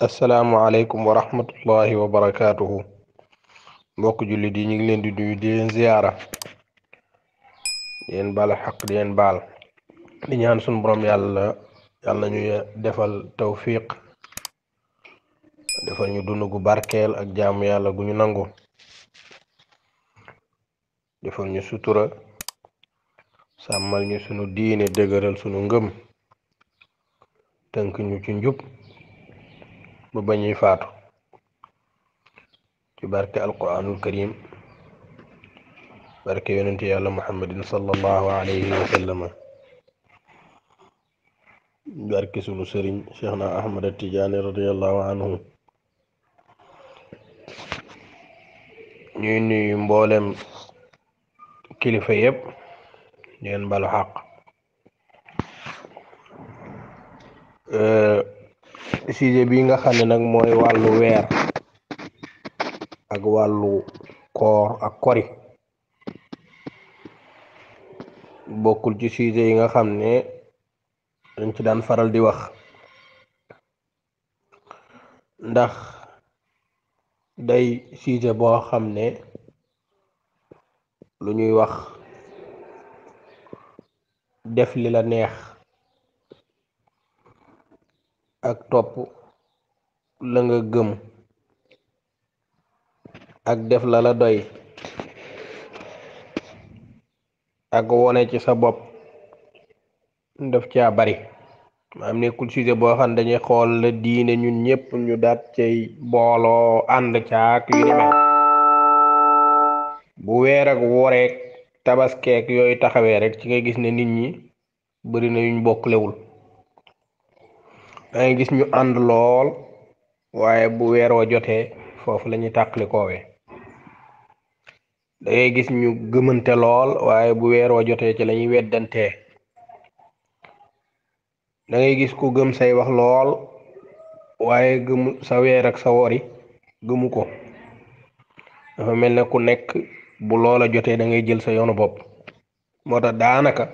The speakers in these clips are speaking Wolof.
السلام عليكم ورحمة الله وبركاته بوك جولي دي نيغ لين دي دي زيارة دين بال حق دين بال دي نيان سون بروم يالا يالا نيو ديفال توفيق ديفال نيو دونو غو باركيل اك جام يالا غو نيو نانغو ديفال نيو سوتورا سامال نيو سونو ديني دغرال سونو نغم تانك نيو تي بباني فاتو تبارك القرآن الكريم بارك يونتي على محمد صلى الله عليه وسلم بارك سنو سرين شيخنا أحمد التجاني رضي الله عنه ني ني مبولم كلفة يب ينبال حق أه sujet bi nga xam ne nag mooy wàllu weer ak wàllu koor ak kori bokkul ci sujet yi nga xam ne dañ ci daan faral di wax ndax day sujet boo xam ne lu ñuy wax def li la neex ak topp la nga gëm ak def la la doy ak wone ci sa bopp daf caa bari maam nekul sujet bo xam dañuy xol la diine ñun ñëpp ñu daat cay and ci ak yu ni mel bu weer ak woré tabaskek yoy taxawé rek ci nga gis né nit ñi bari na yuñ bokk lewul dangay gis ñu ànd lool waaye bu weer wa jotee foofu lañuy ñuy tàqali koowe dangay gis ñu gëmante lool waaye bu weer wa jotee ci lañuy ñuy weddantee dangay gis ku gëm say wax lool waaye gëmu sa weer ak sa wori gëmu ko dafa mel ne ku nekk bu lool a jotee da ngay jël sa yoonu bopp moo tax daanaka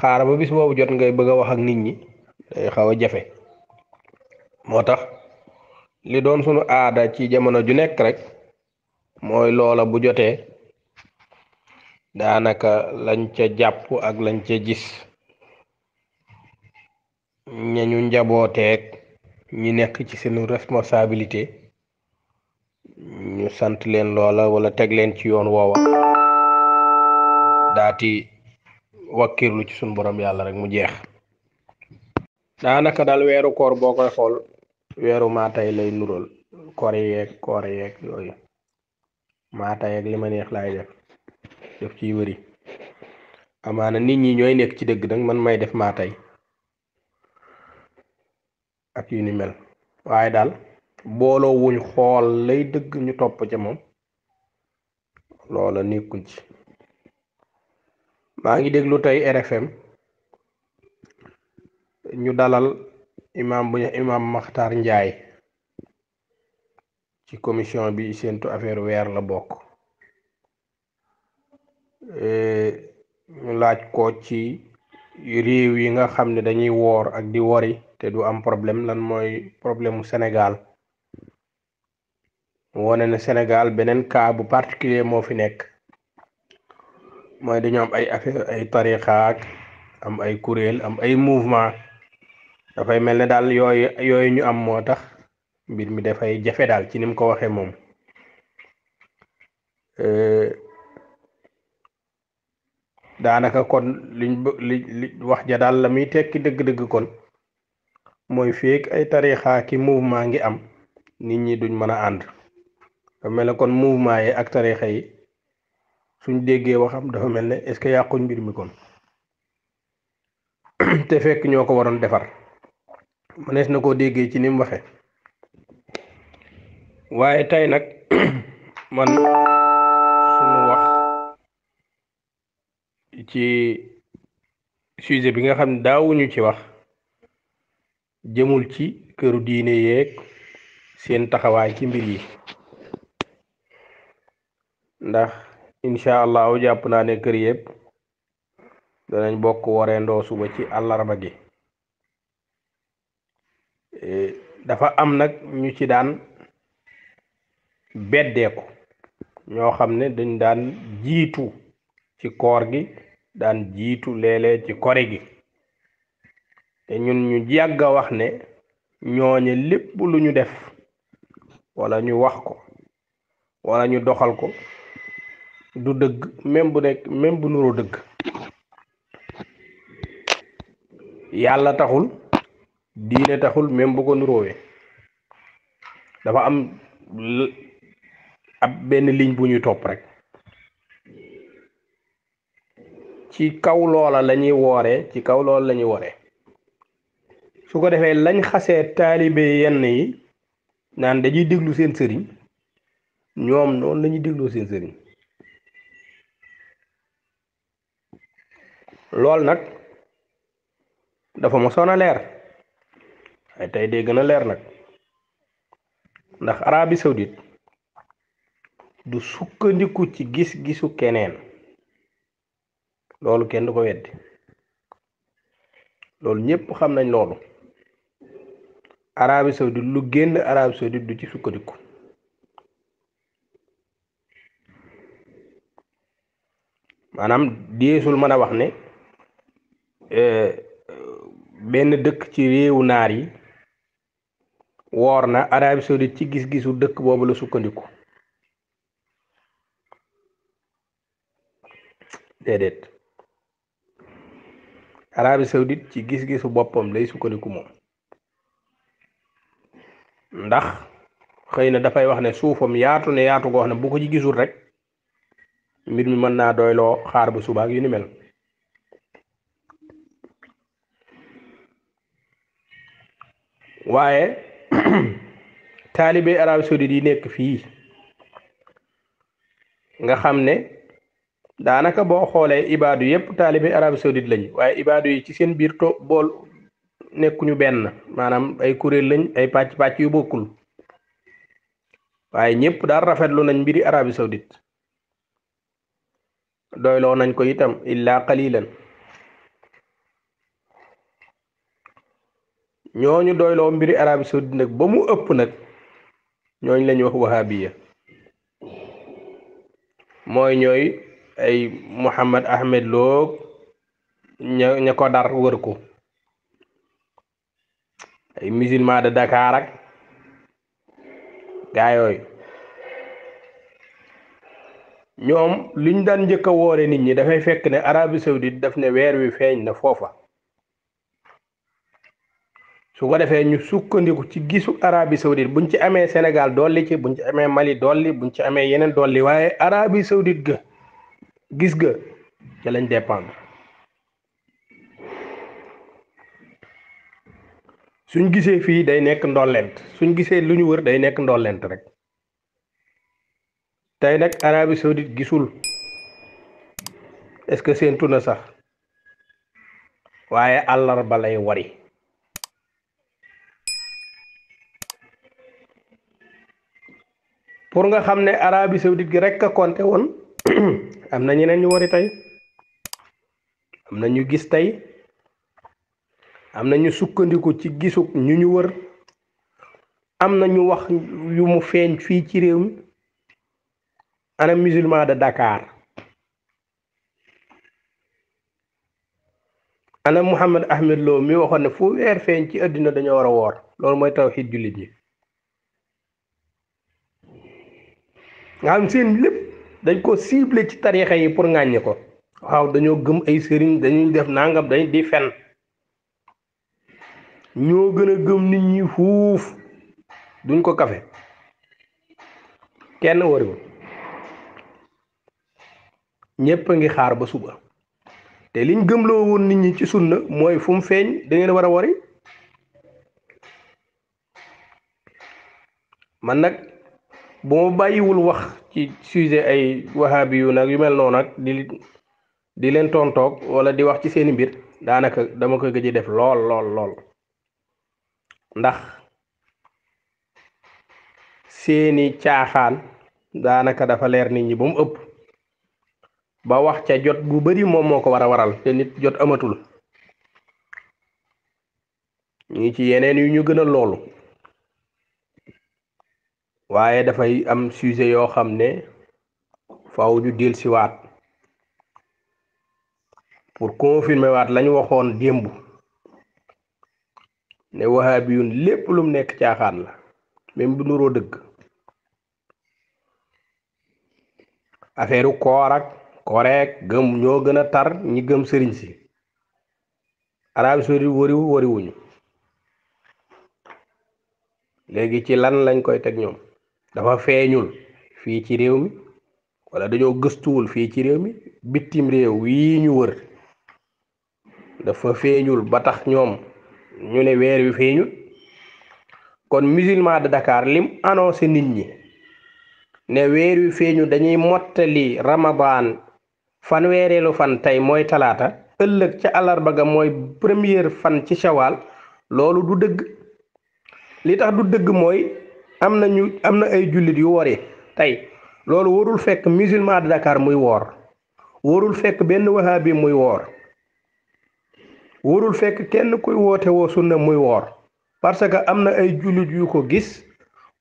xaar ba bis boobu jot ngay bëgg a wax ak nit ñi day xaw jafe moo tax li doon sunu aada ci jamono ju nekk rek mooy loola bu jotee daanaka lañ ca jàpp ak lañ ca gis ñañu njabooteek ñi nekk ci seenu responsabilité ñu sant leen loola wala teg leen ci yoon woowa daati wakkirlu ci sunu borom yàlla rek mu jeex daanaka daal weeru koor boo koy xool weeru maatay lay nural koor yeeg koor yeeg yooyu maatay ak li ma neex laay def def ciy wëri amaana nit ñi ñooy nekk ci dëgg nag man may def maatay ak yu ni mel waaye daal booloo wuñ xool lay dëgg ñu topp ca moom loola nekkuñ ci maa ngi déglu tey RFM ñu dalal imaam bu ñu imaam Makhtar Njaay ci commission bi séentu affaire weer la bokk e, ñu laaj ko ci réew yi nga xam ne dañuy woor ak di wori te du am problème lan mooy problème mu Sénégal wone na Sénégal beneen kaa bu particulier moo fi nekk mooy dañu am ay affaire ay tarixa ak am ay kuréel am ay mouvement dafay mel ne daal yooyu yooyu ñu am moo tax mbir mi dafay jafe daal ci ni ko waxee moom daanaka kon liñ li li wax ja daal la muy tekki dëgg-dëgg kon mooy feek ay tarixa ki mouvement ngi am nit ñi duñ mën a ànd dafa mel ne kon mouvement yi ak tarixa yi suñ déggee waxam dafa mel ne est-ce que yàquñ mbir mi kon te fekk ñoo ko waroon defar manes na koo déggee ci nim waxe waye tay nak man sunu wax ci sujet bi nga xam ne daawuñu ci wax jëmul ci këru diine yeeg seen taxawaay ci mbir yi ndax incha allahu jàpp naa ne kër yëpp danañ bokk wareendoo suba ci àllarba gi dafa am nag ñu ci daan beddeeku ñoo xam ne dañ daan jiitu ci koor gi daan jiitu léeg ci kore gi te ñun ñu yàgg a wax ne ñooñe lépp lu ñu def walla ñu wax ko wala ñu doxal ko du dëgg même bu nekk même nuroo dëgg yàlla taxul diine taxul même bu ko nuróowee dafa am ab benn ligne bu ñuy topp rek ci kaw loola la ñuy ci kaw loola la ñuy su ko defee lañ xasee taalibe yenn yi naan dañuy diglu seen sëriñ ñoom noonu la ñuy seen sëriñ lool nag dafa ma soon a leer tey de gën a leer nag ndax Arabie Saoudite du sukkandiku ci gis-gisu keneen loolu kenn du ko weddi loolu ñépp xam nañ loolu Arabie Saoudite lu génn Arabie Saoudite du ci sukkandiku maanaam deesul mën a wax ne eh, benn dëkk ci réewu naar yi woor na Arabie saoudite ci gis-gisu dëkk boobu la sukkandiku déedéet Arabie saoudite ci gis-gisu boppam lay sukkandiku moom ndax xëy na dafay wax ne suufam yaatu ne yaatu ko wax ne bu ko ci gisul rek mbir mi mën naa doyloo xaar ba subaak yu ni mel waaye taalibe Arabie Saoudite yi nekk fii nga xam ne daanaka boo xoolee ibaadu yëpp taalibe Arabie Saoudite lañ waaye ibaadu yi ci seen biir to bool nekkuñu benn maanaam ay kuréel lañ ay pàcc pàcc yu bokkul waaye ñëpp daal rafetlu nañ mbiri Arabie Saoudite doyloo nañ ko itam illa qalilan ñooñu doyloo mbir Arabie Saoudite nag ba mu ëpp nag ñooñu la ñuy wax wahabiya mooy ñooy ay Mouhammad Ahmed Lo ña ña ko dar wër ko ay musulman de Dakar ak gaa yooyu ñoom liñ daan njëkk a woore nit ñi dafay fekk ne Arabie Saoudite daf ne weer wi feeñ na foofa su ko defee ñu sukkandiku ci gisu Arabie Saoudite buñ ci amee Sénégal dolli ci buñ ci amee Mali dolli ñu ci amee yeneen dolli waaye Arabie Saoudite ga gis ga ci lañ dépendre suñ gisee fii day nekk ndollent suñ gisee lu ñu wër day nekk ndollent rek tey nag Arabie Saoudite gisul est-ce que seen tuna sax waaye àllarba lay wari pour nga xam ne Arabie Saoudite gi rek a compté woon am na ñeneen ñu wari tey am na ñu gis tey am na ñu sukkandiku ci gisu ñu ñu wër am na ñu wax yu mu feeñ fii ci réew mi ana musulman de Dakar ana Mouhamed Ahmed Lo mi waxoon ne fu weer feeñ ci àddina dañoo war a woor loolu mooy tawhid jullit ñi nga xam seen lépp dañ ko ciblé ci tarixa yi pour ŋàññi ko waaw dañoo gëm ay sëriñ dañuy def nangam dañ di fen ñoo gën a gëm nit ñi fuuf duñ ko kafe kenn wariwul ñépp a ngi xaar ba suba te liñ gëmloo woon nit ñi ci sunna mooy fu mu feeñ da ngeen war a wari man nag bo bayi bàyyiwul wax ci sujet ay wahabi yu nak yu mel non nak di di len tontok wala di wax ci seen bir danaka dama koy gëj def lol lol lol ndax seeni caaxaan danaka dafa leer nit ñi bu mu upp ba wax ca jot bu bari moko wara waral te nit jot amatul ñi ci yeneen yu ñu gënal loolu waaye dafay am sujet yoo xam ne faw ñu dil si waat pour confirmer waat lañu waxoon démb ne wahabiyun lépp lum nekk caaxaan la même bu nuroo dëgg affaire u koor ak koreek gëm ñoo gën a tar ñi gëm sëriñ si Arabie Saoudite wariwu wariwuñu léegi ci lan lañ koy teg ñoom dafa feeñul fii ci réew mi wala dañoo gëstuwul fii ci réew mi bitim réew yii ñu wër dafa feeñul ba tax ñoom ñu ne weer wi feeñul kon musulman de dakaar lim annoncé nit ñi ne weer wi feeñu dañuy mottali ramadaan fanweereelu fan tey mooy talaata ëllëg ca alarba ga mooy première fan ci shawal loolu du dëgg li tax du dëgg mooy am na ñu am na ay jullit yu wori tey loolu warul fekk musulman de Dakar muy woor warul fekk benn wahabi muy woor warul fekk kenn kuy woote woo sunna muy woor parce que am na ay jullit yu ko gis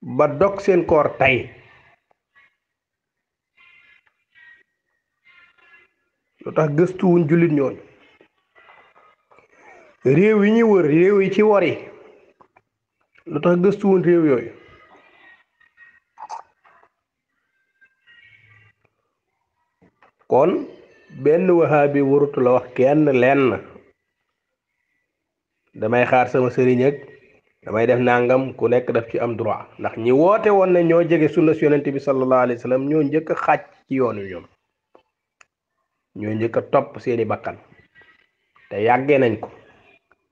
ba dog seen koor tey lu tax gëstuwuñ jullit ñooñ réew yi ñuy wër réew yi ci wori lu tax gëstuwuñ réew yooyu kon benn wahaabi warutu la wax kenn lenn damay xaar sama sëriñ damay def nangam ku nekk daf ci am droit ndax ñi woote woon ne ñoo jege sunna si yonent bi sallallahu alayhi wa ñoo njëkk a xaaj ci yoon wi ñoom ñoo njëkk a topp seeni bakkan te yàgge nañ ko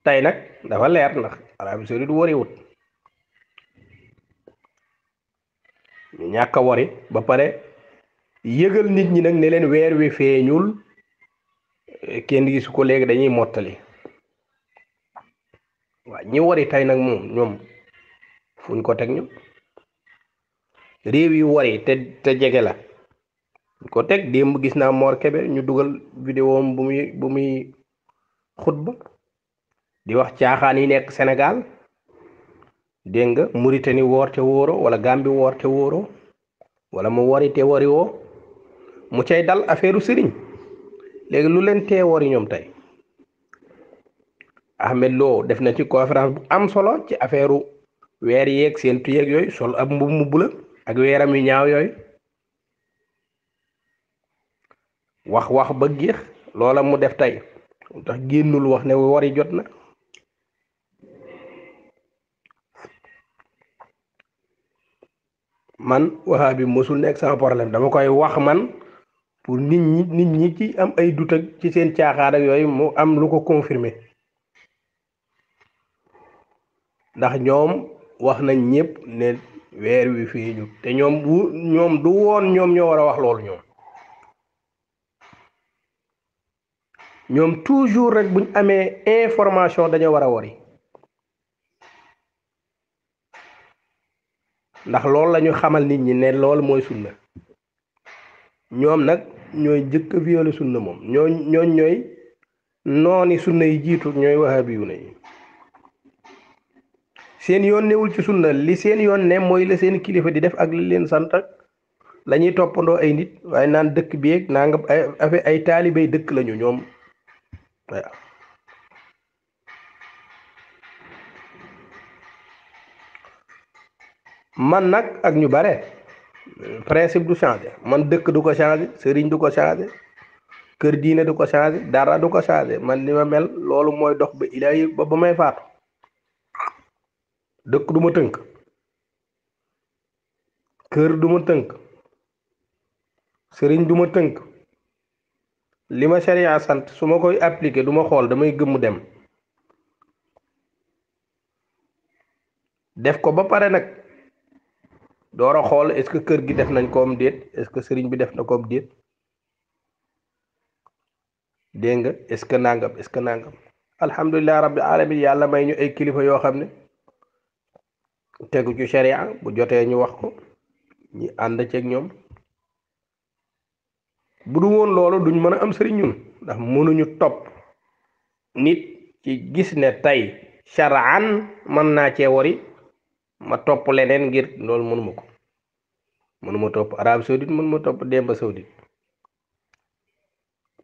tey nag dafa leer ndax Arabie Saoudite wariwut ñu ñàkk a wari ba pare yëgal nit ñi nag ne leen weer wi feeñul kenn su ko léegi dañuy mottali waaw ñi wari tey nag moom ñoom fuñ ko teg ñu réew yi wari te te jege la ko teg démb gis naa Mor Kébé ñu dugal vidéo am bu muy bu muy xutba di wax caaxaan yi nekk Sénégal dégg nga Mauritanie woor te wóoro wala Gambie woor te wóoro wala mu wari te wari woo mu cay dal affaire sëriñ léegi lu leen tee wori ñoom tey Ahmed Lo def na ci conférence bu am solo ci affaire weer yeeg seen tuyeeg yooyu sol ab mbubb mu bula ak weeram yu ñaaw yooyu wax wax ba géex loola mu def tey mu tax génnul wax ne wori jot na man waxaa bi mësul nekk sama problème dama koy wax man pour nit ñi nit ñi ci am ay doute ci seen caaxaar yooyu mu am lu ko confirmer ndax ñoom wax nañ ñëpp ne weer wi feeñu te ñoom bu ñoom du woon ñoom ñoo war a wax loolu ñoom ñoom toujours rek buñ amee information dañoo war a wari ndax loolu lañu xamal nit ñi ne loolu mooy sunna ñoom nag ñooy jëkk violé sunna moom ñoo ñooñ ñooy nooni sunna yi jiitu ñooy wahabi yu na yi seen yoon newul ci sunna li seen yoon ne mooy la seen kilifa di def ak li leen sant ak la ñuy toppandoo ay nit waaye naan dëkk bi yeeg naa nga ay ay taalibey dëkk lañu ñoom waaw man nag ak ñu bare principe du changer man dekk du ko changer serigne du ko changer keur diine du ko changer dara du ko changer man li ma mel lolou moy dox ba ilay ba ba may faatu dëkk du ma tënk kër du ma tënk sëriñ du ma tënk li sharia sant suma koy appliquer duma xol damay gëm dem def ko ba pare nak door a xool est-ce que kër gi def nañ koom déet est-ce que sëriñ bi def na koom déet dégg nga est-ce que nangam est-ce que nangam alhamdulilah rabbi alamin yàlla may ñu ay kilifa yoo xam ne tegu ci sharia bu jotee ñu wax ko ñu ànd ceeg ñoom bu du woon loolu duñ mën a am sëriñ ñun ndax mënuñu topp nit ci gis ne tey sharaan mën naa cee wari ma topp leneen ngir loolu mënuma ko mënuma topp Arabie Saoudite mënuma topp Demba Saoudite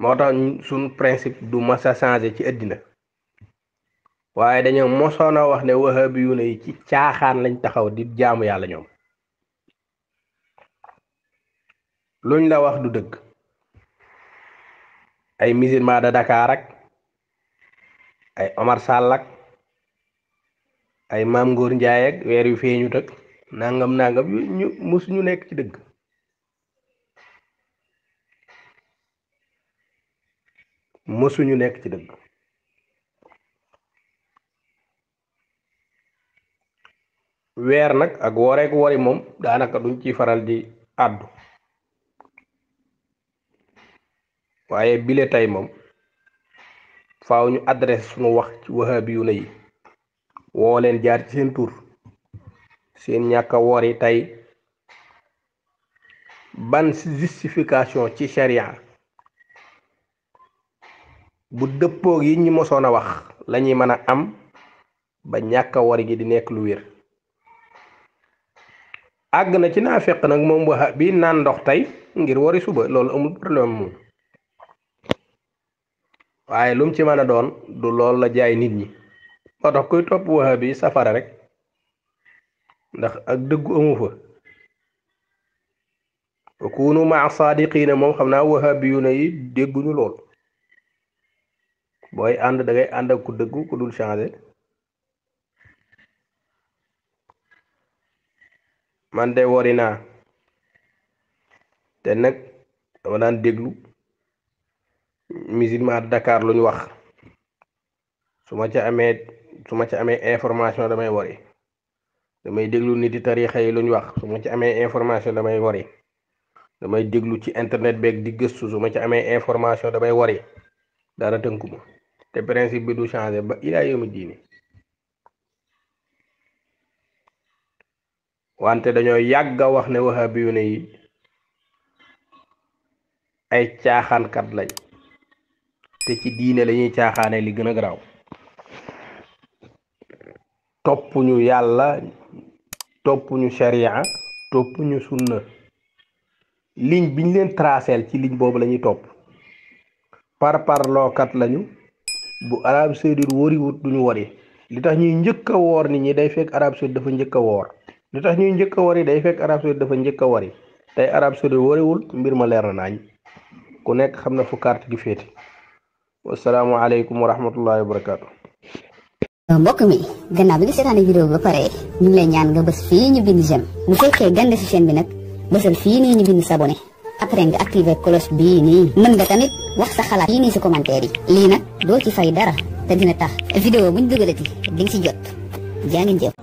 moo tax suñ principe du mas a changé ci àddina waaye dañoo mosoon a wax ne wahabi yu ne yi ci caaxaan lañ taxaw di jaamu yàlla ñoom luñ la wax du dëgg ay musulman de Dakar ak ay Omar Sall ak ay maam ngóor njaay ak weer yu feeñu tak nangam nangam yu ñu mus nekk ci dëgg mësuñu nekk ci dëgg weer nag ak woreek wori moom daanaka duñ ci faral di àddu waaye bile tey moom faaw ñu adresse suñu wax ci yu na yi wolen leen jaar ci sen tour sen ñaka a tay ban justification ci sharia bu dëppoog yi ñu mosoon a wax lañuy mëna am ba ñaka a gi di nekk lu wër ag na ci nafiq nak mom bu bi nan ndox tay ngir wari suba loolu amul problème mu waye lum ci mëna a doon du loolu la jaay nit ñi moo tax kuy topp wahabi bi safara rek ndax ak dëggu amu fa wa kunu maa saadiqiina moom xam naa wahabi yu yi dégguñu lool booy ànd da ngay ànd ku dëggu ku dul changé man de wori naa te nag dama daan déglu musulman dakaar lu ñu wax su ma ca amee su ma ci amee information damay wari damay déglu nit yi tarixa yi lu ñu wax su ma ci amee information damay wari damay déglu ci internet beeg di gëstu su ma ci amee information damay wari dara tënku ma te principe bi du changé ba ilaa yawmi diini wante dañoo yàgg a wax ne wahabi yu ne yi ay caaxaankat lañ te ci diine lañuy caaxaane li gën a garaaw topuñu yalla topuñu sharia topuñu sunna ligne biñ leen tracer ci ligne bobu lañuy top par par kat lañu bu arab wori wut duñu wori li tax ñuy ñëkk woor ñi day fekk arab seydir dafa ñëkk a woor li tax ñuy ñëkk wori day fekk arab seydir dafa ñëkk wori tay arab arab wori wul mbir ma leer nañ ku nekk xamna fu carte gi wassalamu alaykum wa rahmatullahi wa barakatuh mbokk mi gannaaw bi nga seetaane vidéo bi ba pare ñu ngi lay ñaan nga bës fii ñu bind j'aime bu fekkee gande si chaîne bi nag bësal fii nii ñu bind s'abonné après nga activé cloche bii nii mën nga tamit wax sa xalaat fii nii si commentaire yi lii nag doo ci fay dara te dina tax vidéo bu ñu dugalati di nga si jot jaa ngeen